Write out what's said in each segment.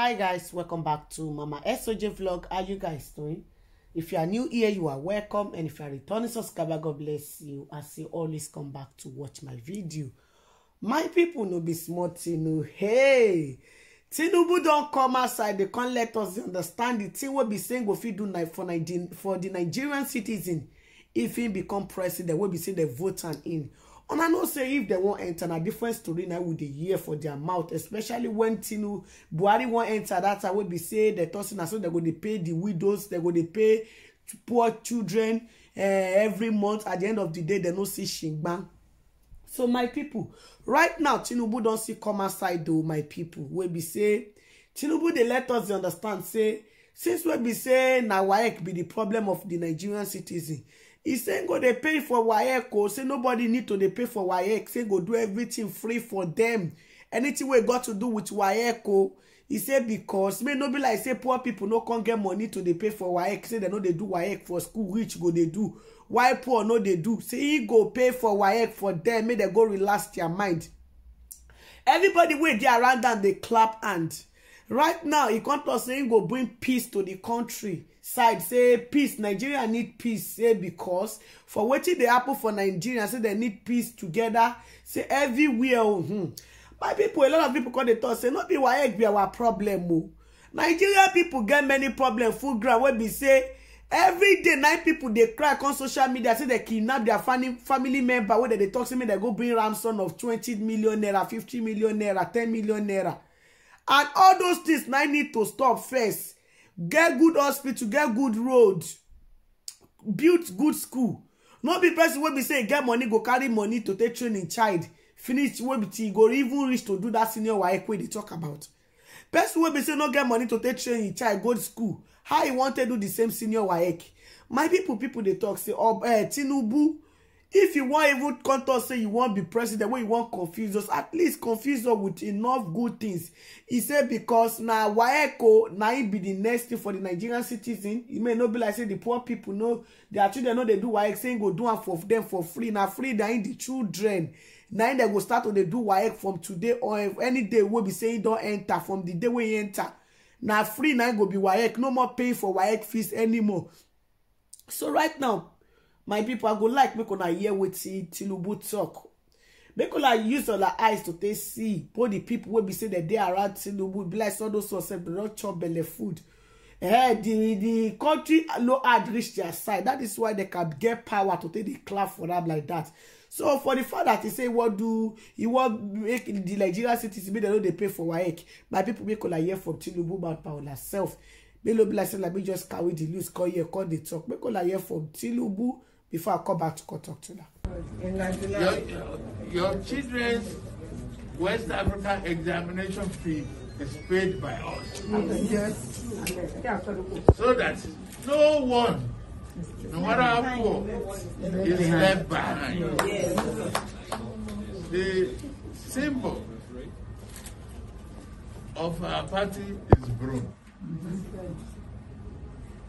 hi guys welcome back to mama soj vlog how you guys doing if you are new here you are welcome and if you are returning subscriber god bless you as you always come back to watch my video my people no be small tinu hey tinubu don come outside They can't let us understand the thing wey be saying go fit do for for the nigerian citizen if he become president we'll be say the vote am in And I know say if they won't enter a different story now with the year for their mouth, especially when Tinu Buhari won't enter that I would be say the tossing so they're going to pay the widows, they're going to pay poor children uh, every month. At the end of the day, they no see shingbang. So my people, right now Tinubu don't see come outside though, my people. we be say Tinubu they let us dey understand say since we be say na waec be the problem of the nigerian citizen He say go dey pay for waec o say nobody need to dey pay for waec say go do everything free for them. anything wey got to do with waec o e say because may no be like say poor people no con get money to dey pay for waec say they no dey do waec for school rich go dey do why poor no dey do say he go pay for waec for them. make they go relax their mind everybody wey dey around am dey clap hand right now e come tok say im go bring peace to the country side say peace nigeria need peace say because for wetin dey happen for nigeria say dem need peace together. say everywhere oh hmm my pipo a lot of pipo come dey talk. say no be waec be our problem o oh. nigeria pipo get many problem full ground wey be say every day nine pipo dey cry on social media say dem kidnap their family family member wey dem dey talk say make dem go bring ransom of twenty million naira fifty million naira ten million naira and all those things na need to stop first get good hospital get good road build good school no be person wey be say e get money go carry money to take train training child finish wey be till e go even reach to do that senior waec wey e dey talk about person wey be say no get money to take train him child go school how e wan take do the same senior waec my people people dey talk say oh, uh, tinubu if you want even come talk say you wan be president wey you wan confuse us at least confuse us with enough good things He said because now waeko na im be the next thing for the nigerian citizen e may not be like say the poor people know their children know they do waec saying go do am for them for free Now free na the children na they go start to they do waec from today or any day wey be saying don't enter from the day we enter Now free na go be waec no more paying for waec fees anymore so right now my people, i go like make on a hear wetin tinubu talk. make on a use on the eyes to take see both the people wey be say they are around tinubu be like all those who sef dem don chop belle food eh the the country no hard reach their side That is why they can get power to take the clap for them like that. so for the fact that he say what do he want make the nigerian citizens make they no dey pay for waec my people, make on a hear from tinubu about power una sef make no be like say na me just carry the loose call here call the talk make a hear from tinubu before I come back to go talk to her, Your, your children's West Africa examination fee is paid by us. Yes. So that no one, no matter how poor, is left behind. The symbol of our party is broom.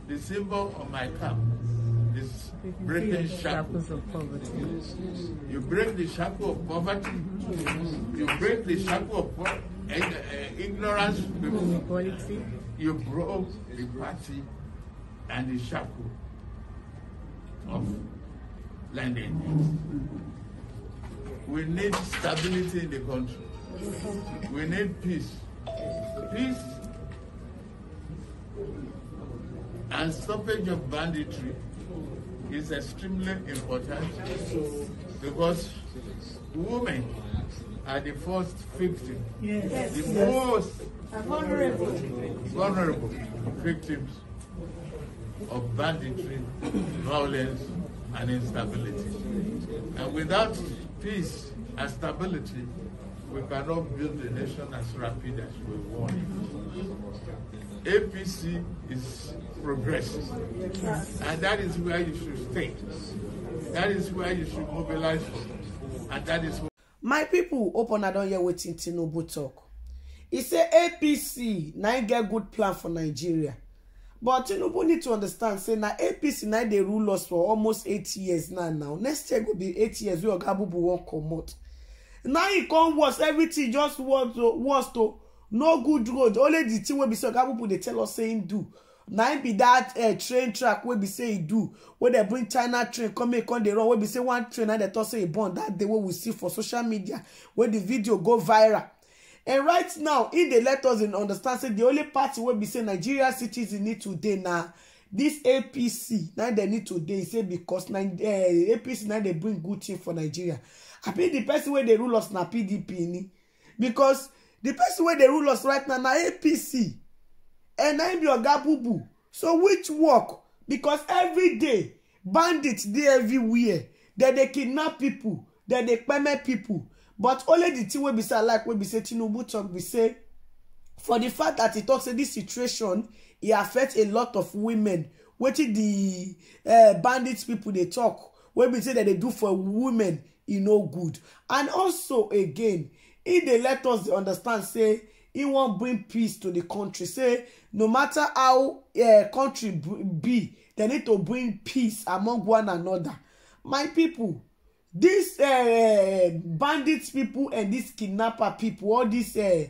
The symbol of my camp this breaking shackles of poverty. You break the shackle of poverty. You break the shackle of po- eh, eh, ignorance. Inequality. You broke the party and the shackle of lending. We need stability in the country. We need peace. Peace and stoppage of banditry is extremely important because women are the first 50, yes. the most vulnerable. vulnerable victims of banditry, violence, and instability. And without peace and stability, we cannot build a nation as rapid as we want APC is progressing. And that is where you should stay. That is where you should mobilize from, And that is My people, open I don't hear wetin Tinubu talk. He say APC na get good plan for Nigeria. But Tinubu need to understand say now APC Now they rule us for almost eight years now now. Next year will be eight years We wey Oga won't come out. Now he come worse, everything just worse to worse to no good road only the thing wey be say oga people dey tell us say im e do na im e be dat uh, eh, train track wey be say e do wey dem bring china train come here, come dey run wey be say one train na dem talk say e burn dat day wey we see for social media wey the video go viral and right now e dey let us understand say the only party wey be say nigeria citizens need today na this apc na e dem need today say because becos eh, apc na dey bring good thing for nigeria i be the person wey dey rule us na pdp ni because the person wey dey rule us right now na apc and eh, na him be oga bubu so which work because every day bandits dey everywhere dem dey kidnap pipo dem dey kpeme pipo but only the thing wey be say i like wey be say tinubu talk be say for the fact that he talk say this situation e affect a lot of women wetin the uh, bandits people dey talk wey be say dem dey do for women e no good and also again e dey let us dey understand say e wan bring peace to the country say no matter how eh, country be dem need to bring peace among one another my pipo dis eh, bandit people and dis kidnapper people, all dis eh,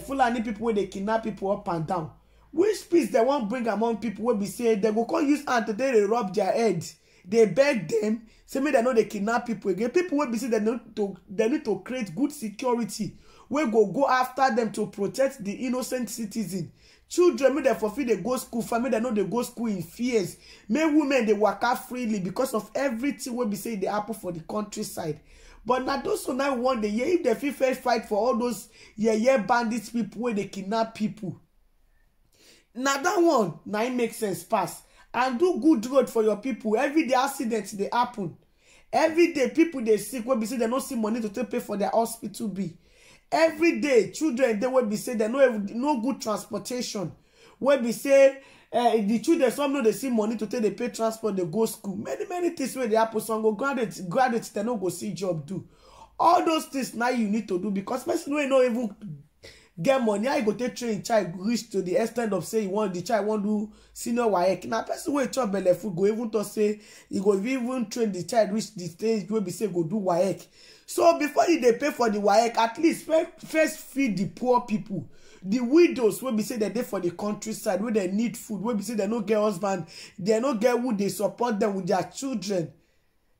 fulani people wey dey kidnap people up and down which peace dem wan bring among people wey be say dem go come use hand to dey rob their head they beg dem say make dem no dey kidnap pipo again pipo wey be say dem need to need to create good security wey go go afta dem to protect di innocent citizens children make dem for fit dey go school family dem no dey go school in fears make women dey waka freely because of everything wey be say dey happen for di countryside but na those so now one day yeah, if dem fit first fight for all those yeye bandits pipo wey dey kidnap pipo na dat one na im make sense pass and do good road for your people every day accident they happen every day people they sick wey be say they no see money to take pay for their hospital bill every day children they wey be say they no no good transportation wey be say eh, the children some know they see money to take dey pay transport they go school many many things wey dey happen some go graduate graduate they no go see job do all those things now you need to do because person wey no even get money how you go take train child reach to the extent of say you want the child wan do senior waec na person wey chop belle food go even talk say e go even train the child reach the stage wey be say go do waec so before you dey pay for the waec at least first feed the poor people the widows wey be say dem dey for the countryside wey dem need food wey be say dem no get husband dem no get who dey support them with their children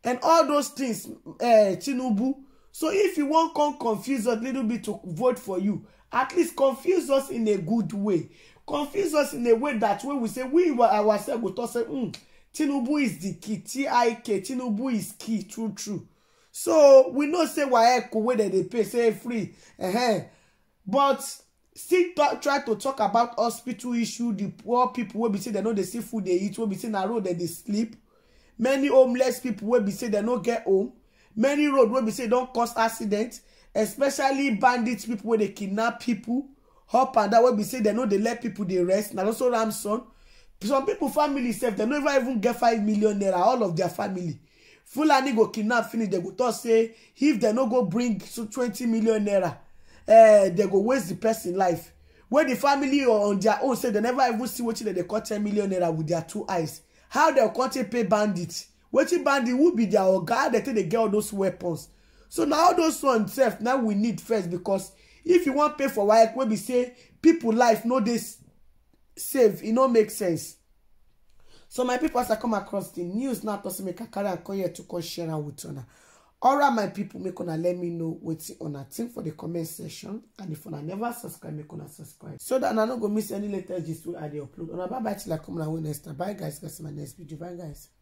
and all those things Uh, tinubu so if you wan come confuse us little bit to vote for you at least confuse us in a good way confuse us in a way that way we say we ourselves go talk say hmm tinubu is the key tik tinubu is key true true so we know say waec wey dem dey pay say free uh -huh. but still talk, try to talk about hospital issue the poor people wey be say dem no dey see food dey eat wey be say na road dem dey sleep many homeless people wey be say dem no get home many road wey be say don cause accident especially bandit people wey dey kidnap people, up and down wey be say dem no dey let people dey rest na also ransom some people family sef dem no even get five million naira all of their family fulani go kidnap finish dem go talk say if dem no go bring twenty million naira eh dem go waste the person life wey the family on their own say dem never even see wetin dem dey call ten million naira with their two eyes how dem come take pay bandits wetin bandit who be their oga how dem take dey get all those weapons so na all those ones sef na we need first because if you wan pay for waec wey be say pipo life no dey save e no make sense so my pipo as i come across di news now person make i carry am come here to come share am with una right, my pipo make una let me know wetin una think for di comment section and if una never subscribe make una subscribe so dat una no go miss any latest gist wey i dey upload una bye bye till i come una wey next time bye guys guys my next video bye guys